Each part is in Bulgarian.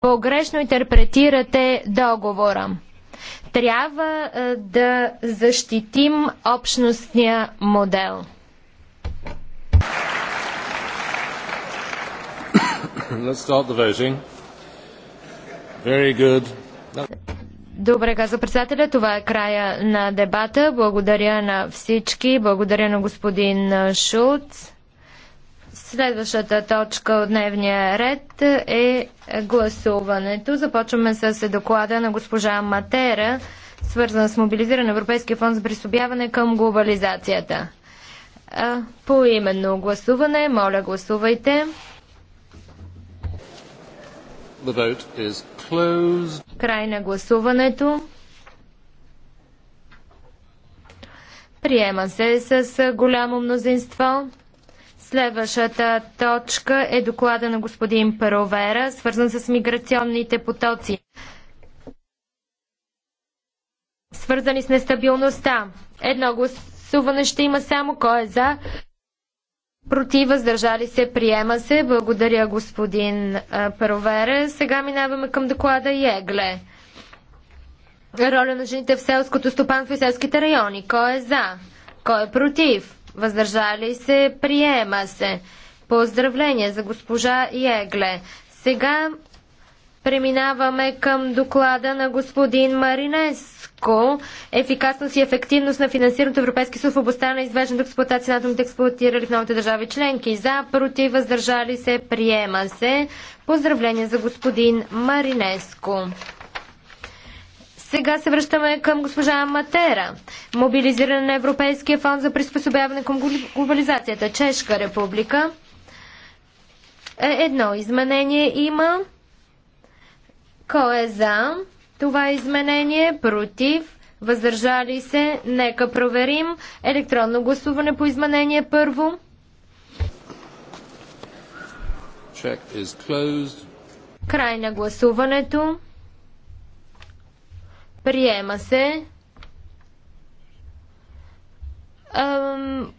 погрешно интерпретирате договора. Трябва е, да защитим общностния модел. Let's start the voting. Very good. Добре, каза председателя. Това е края на дебата. Благодаря на всички. Благодаря на господин е, Шулц. Следващата точка от дневния ред е гласуването. Започваме с доклада на госпожа Матера, свързан с мобилизиране на Европейския фонд за присобяване към глобализацията. По именно гласуване, моля гласувайте. The vote is closed. Край на гласуването. Приема се с голямо мнозинство. Следващата точка е доклада на господин Паровера, свързан с миграционните потоци, свързани с нестабилността. Едно гласуване ще има само кой е за. Против, въздържали се, приема се. Благодаря, господин Паровера. Сега минаваме към доклада Егле. Роля на жените в селското стопанство и селските райони. Кой е за? Кой е против? въздържали се, приема се. Поздравление за госпожа Егле. Сега преминаваме към доклада на господин Маринеско. Ефикасност и ефективност на финансирането Европейски съюз в областта на извеждането експлуатация на атомите експлуатирали в новите държави членки. За, против, въздържали се, приема се. Поздравление за господин Маринеско. Сега се връщаме към госпожа Матера. Мобилизиране на Европейския фонд за приспособяване към глобализацията. Чешка република. Е, едно изменение има. Кой е за това изменение? Против? Въздържали се? Нека проверим. Електронно гласуване по изменение първо. Край на гласуването. Приема се.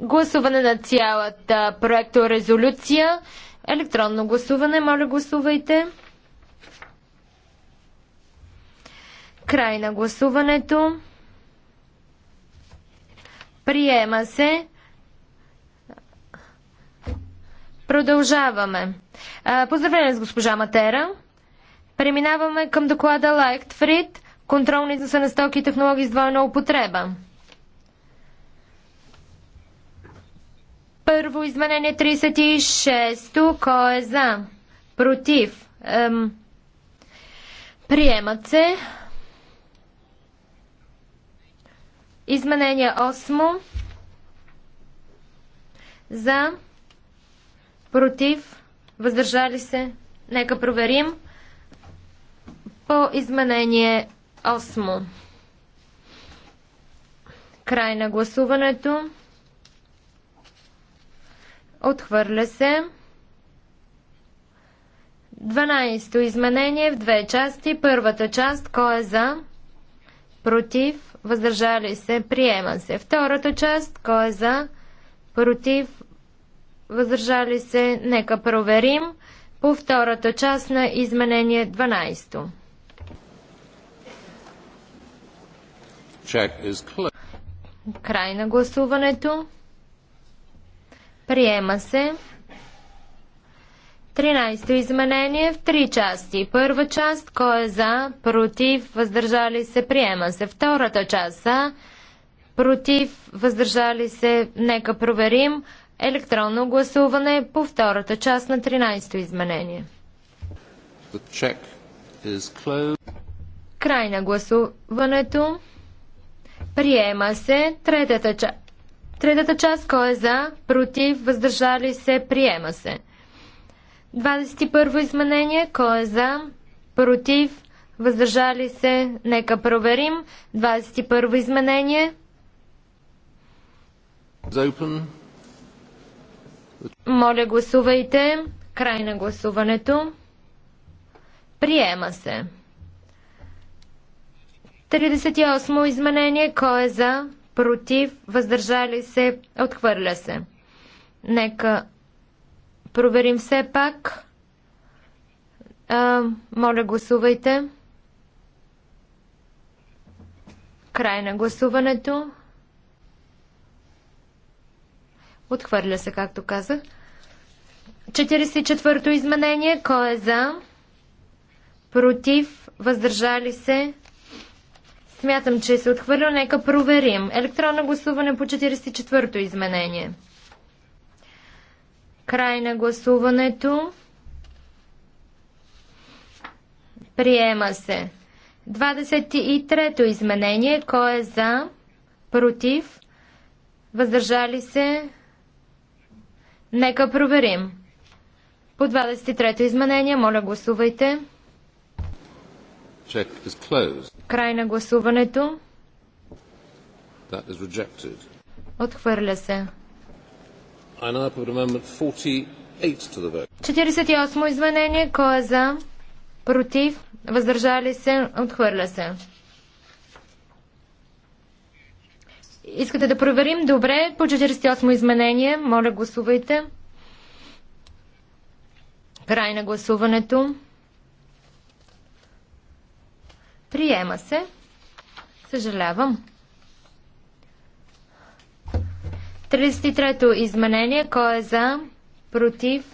гласуване на цялата проекторезолюция. Електронно гласуване, моля гласувайте. Край на гласуването. Приема се. Продължаваме. Поздравление с госпожа Матера. Преминаваме към доклада Лайктфрид контролните са на стоки и технологии с двойна употреба. Първо изменение 36. Кой е за? Против? Ем, приемат се. Изменение 8. За? Против? Въздържали се? Нека проверим. По изменение Осмо. Край на гласуването. Отхвърля се. 12-то изменение в две части. Първата част, кой е за? Против. Въздържали се. Приема се. Втората част, кой е за? Против. Въздържали се. Нека проверим по втората част на изменение 12. -то. Край на гласуването. Приема се. 13-то изменение в три части. Първа част, кой е за, против, въздържали се, приема се. Втората част са, против, въздържали се, нека проверим. Електронно гласуване по втората част на 13-то изменение. Край на гласуването. Приема се третата част. Третата част, кой е за, против, въздържали се, приема се. 21 изменение, кой е за, против, въздържали се, нека проверим. 21 изменение. Моля, гласувайте. Край на гласуването. Приема се. 38 изменение. Кой е за? Против? Въздържали се? Отхвърля се. Нека проверим все пак. А, моля, гласувайте. Край на гласуването. Отхвърля се, както казах. 44-то изменение. Кой е за? Против? Въздържали се? Смятам, че се отхвърля. Нека проверим. Електронно гласуване по 44-то изменение. Край на гласуването. Приема се. 23-то изменение. Кой е за? Против? Въздържали се? Нека проверим. По 23-то изменение, моля гласувайте. Check is closed. Край на гласуването. Отхвърля се. 48 изменение. Кой е за? Против? Въздържали се? Отхвърля се. Искате да проверим? Добре. По 48 изменение. Моля, гласувайте. Край на гласуването. Приема се. Съжалявам. 33-то изменение. Кой е за? Против?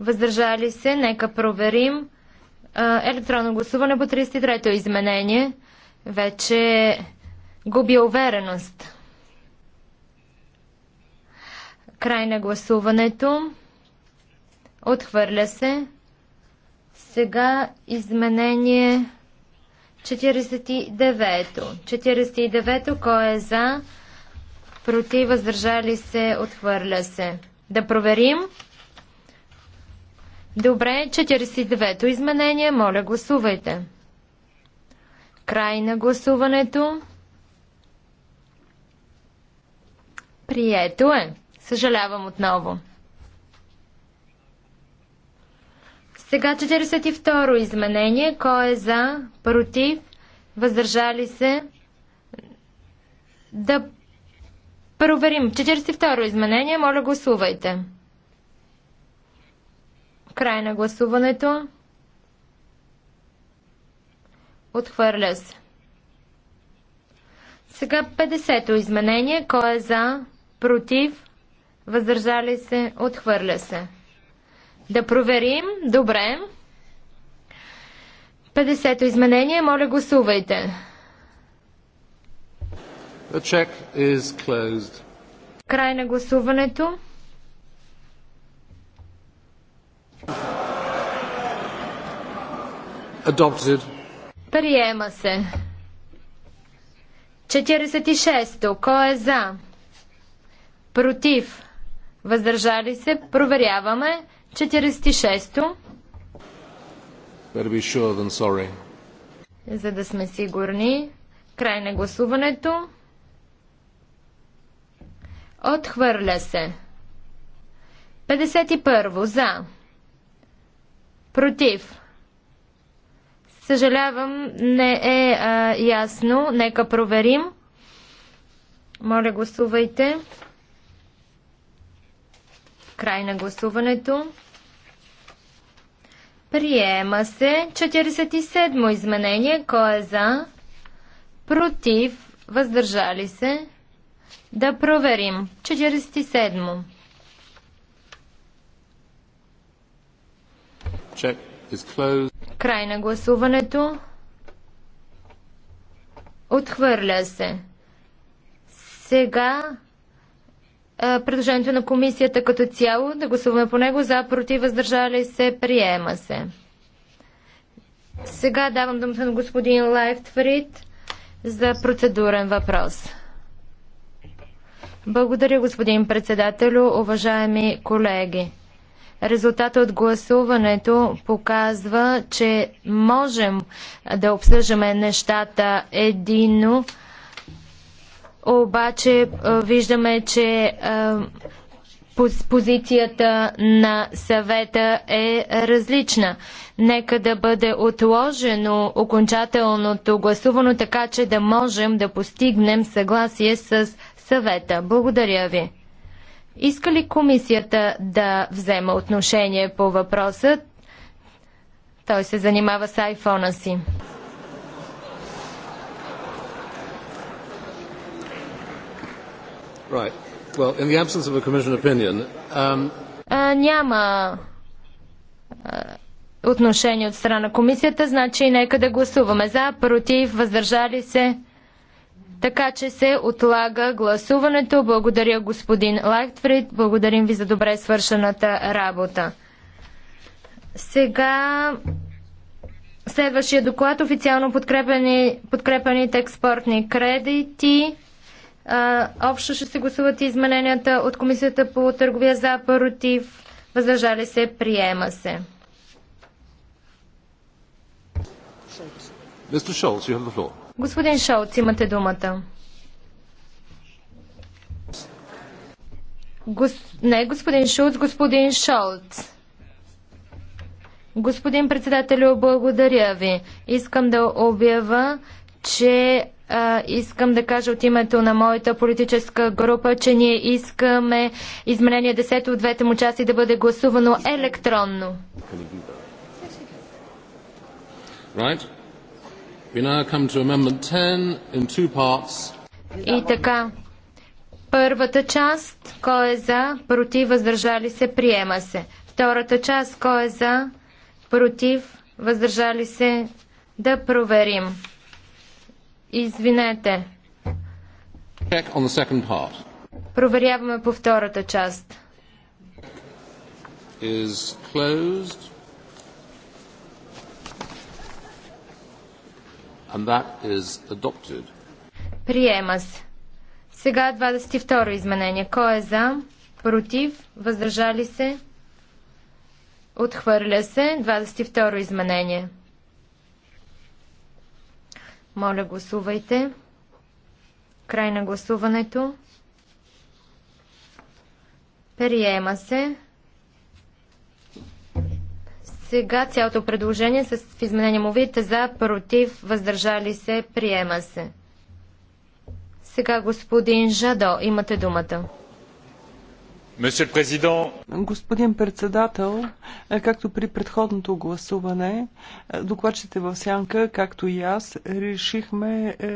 Въздържали се? Нека проверим. Електронно гласуване по 33-то изменение. Вече губи увереност. Край на гласуването. Отхвърля се. Сега изменение 49-то. 49-то, кой е за? Против, въздържали се, отхвърля се. Да проверим. Добре, 49-то изменение, моля гласувайте. Край на гласуването. Прието е. Съжалявам отново. Сега 42-ро изменение. Кой е за, против, въздържали се? Да проверим. 42-ро изменение. Моля, гласувайте. Край на гласуването. Отхвърля се. Сега 50-то изменение. Кой е за, против, въздържали се? Отхвърля се. Да проверим. Добре. 50-то изменение. Моля, гласувайте. The check is closed. Край на гласуването. Adopted. Приема се. 46-то. Кой е за? Против? Въздържали се? Проверяваме. 46-то. Sure За да сме сигурни. Край на гласуването. Отхвърля се. 51. За. Против. Съжалявам, не е а, ясно. Нека проверим. Моля, гласувайте. Край на гласуването. Приема се 47 изменение. Кой е за? Против. Въздържали се. Да проверим. 47. Край на гласуването. Отхвърля се. Сега предложението на комисията като цяло, да гласуваме по него, за, против, въздържали се, приема се. Сега давам думата на господин Лайфтфрид за процедурен въпрос. Благодаря, господин председателю, уважаеми колеги. Резултатът от гласуването показва, че можем да обсъждаме нещата единно обаче е, виждаме, че е, позицията на съвета е различна. Нека да бъде отложено окончателното гласувано, така че да можем да постигнем съгласие с съвета. Благодаря ви. Иска ли комисията да взема отношение по въпроса? Той се занимава с айфона си. Um, няма отношение от страна на комисията, значи нека да гласуваме за, против, въздържали се. Така че се отлага гласуването. Благодаря господин Лайтфрид. Благодарим ви за добре свършената работа. Сега следващия доклад официално подкрепени, подкрепените експортни кредити. А, общо ще се гласуват измененията от Комисията по търговия за против. Въздържали се, приема се. Господин Шолц, имате думата. Гос... Не, господин Шулц, господин Шолц. Господин председателю, благодаря ви. Искам да обява, че а, искам да кажа от името на моята политическа група, че ние искаме изменение 10 от двете му части да бъде гласувано електронно. Right. We now come to Amendment 10 in two parts. И така, първата част, кой е за, против, въздържали се, приема се. Втората част, кой е за, против, въздържали се, да проверим. Извинете. Проверяваме по втората част. Is closed. And that is adopted. Приема се. Сега 22 е изменение. Кой е за? Против? Въздържали се? Отхвърля се. 22 изменение. Моля, гласувайте. Край на гласуването. Приема се. Сега цялото предложение с в изменение му видите за, против, въздържали се, приема се. Сега господин Жадо, имате думата. Господин председател, както при предходното гласуване, докладчите в Сянка, както и аз, решихме е,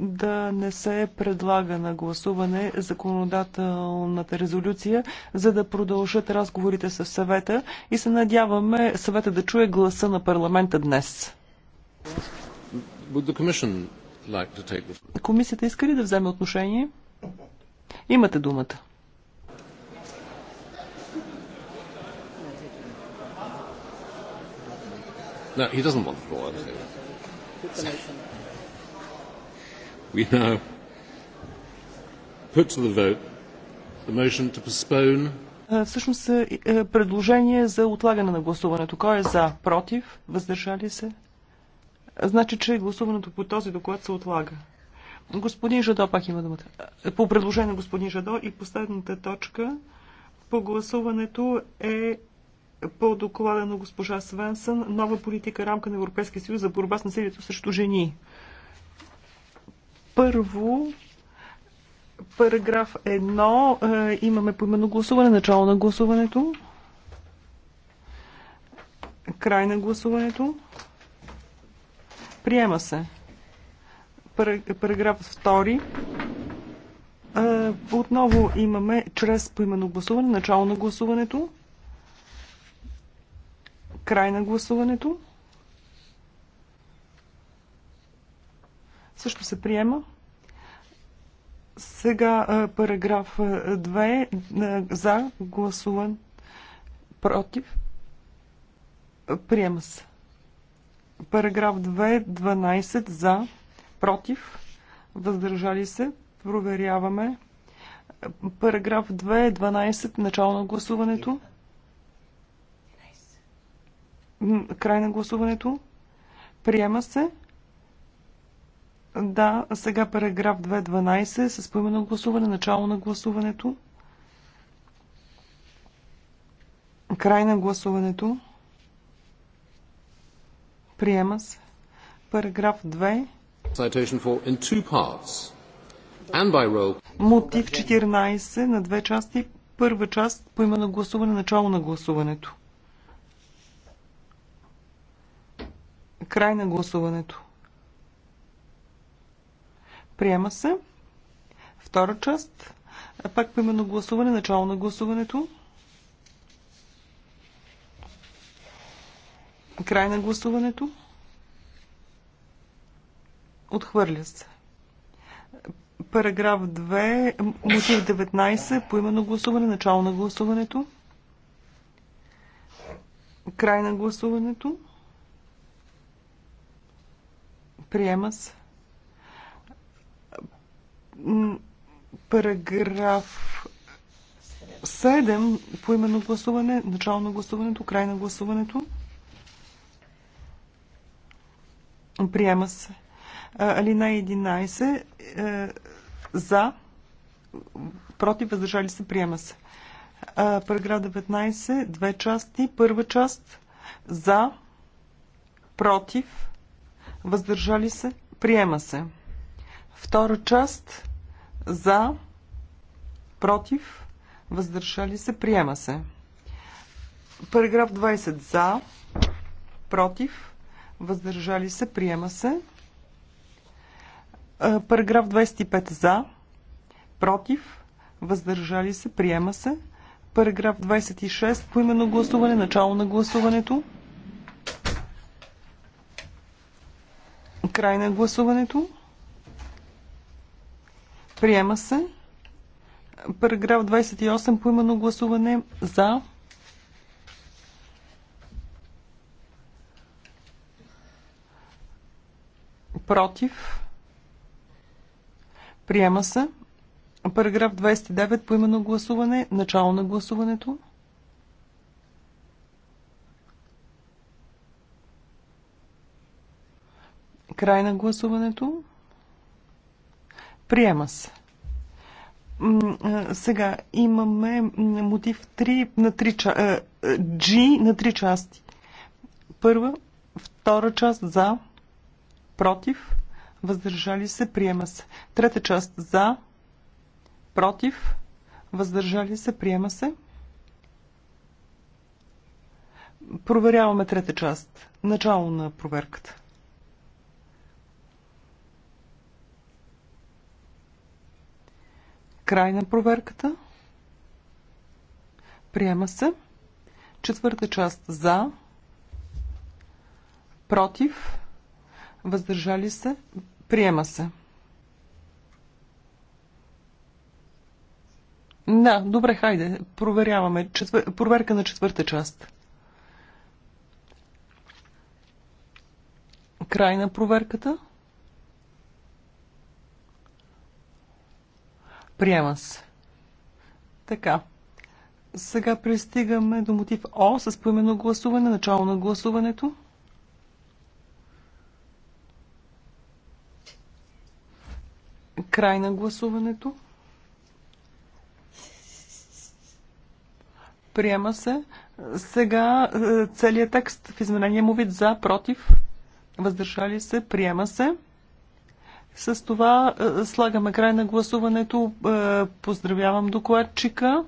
да не се предлага на гласуване законодателната резолюция, за да продължат разговорите с съвета и се надяваме съвета да чуе гласа на парламента днес. Комисията иска ли да вземе отношение? Имате думата. No, he doesn't want the floor. We now put to the vote the motion to postpone. Е, всъщност е, е, предложение за отлагане на гласуването. Кой е за? Против? Въздържали се? Значи, че гласуването по този доклад се отлага. Господин Жадо пак има думата. По предложение на господин Жадо и последната точка по гласуването е по доклада на госпожа Свенсън нова политика рамка на Европейския съюз за борба с насилието срещу жени. Първо, параграф 1. Е, имаме поименно гласуване, начало на гласуването, край на гласуването. Приема се. Параграф 2. Е, отново имаме чрез поименно гласуване, начало на гласуването, Край на гласуването. Също се приема. Сега параграф 2 за гласуван против. Приема се. Параграф 2 12 за против. Въздържали се. Проверяваме. Параграф 2 12 начало на гласуването. Край на гласуването. Приема се. Да, сега параграф 2.12 с поименно гласуване, начало на гласуването. Край на гласуването. Приема се. Параграф 2. Мотив 14 на две части. Първа част по на гласуване, начало на гласуването. Край на гласуването. Приема се. Втора част. Пак по именно гласуване. Начало на гласуването. Край на гласуването. Отхвърля се. Параграф 2, мотив 19, по именно гласуване, начало на гласуването. Край на гласуването. Приема се. Параграф 7 по именно гласуване, начало на гласуването, край на гласуването. Приема се. Алина 11 е, за, против, въздържали се, приема се. Параграф 19, две части. Първа част за, против, въздържали се, приема се. Втора част за, против, въздържали се, приема се. Параграф 20 е, за, против, въздържали се, приема се. Параграф 25 за, против, въздържали се, приема се. Параграф 26 по именно гласуване, начало на гласуването. Край на гласуването. Приема се. Параграф 28 по именно гласуване за. Против. Приема се. Параграф 29 по именно гласуване. Начало на гласуването. Край на гласуването. Приема се. Сега имаме мотив 3 на 3 G на 3 части. Първа, втора част за, против, въздържали се, приема се. Трета част за, против, въздържали се, приема се. Проверяваме трета част. Начало на проверката. Край на проверката. Приема се. Четвърта част за. Против. Въздържали се. Приема се. Да, добре, хайде. Проверяваме. Четвър... Проверка на четвърта част. Край на проверката. Приема се. Така. Сега пристигаме до мотив О с поименно гласуване, начало на гласуването. Край на гласуването. Приема се. Сега е, целият текст в изменение му вид за, против, въздържали се, приема се. С това е, слагаме край на гласуването. Е, поздравявам докладчика.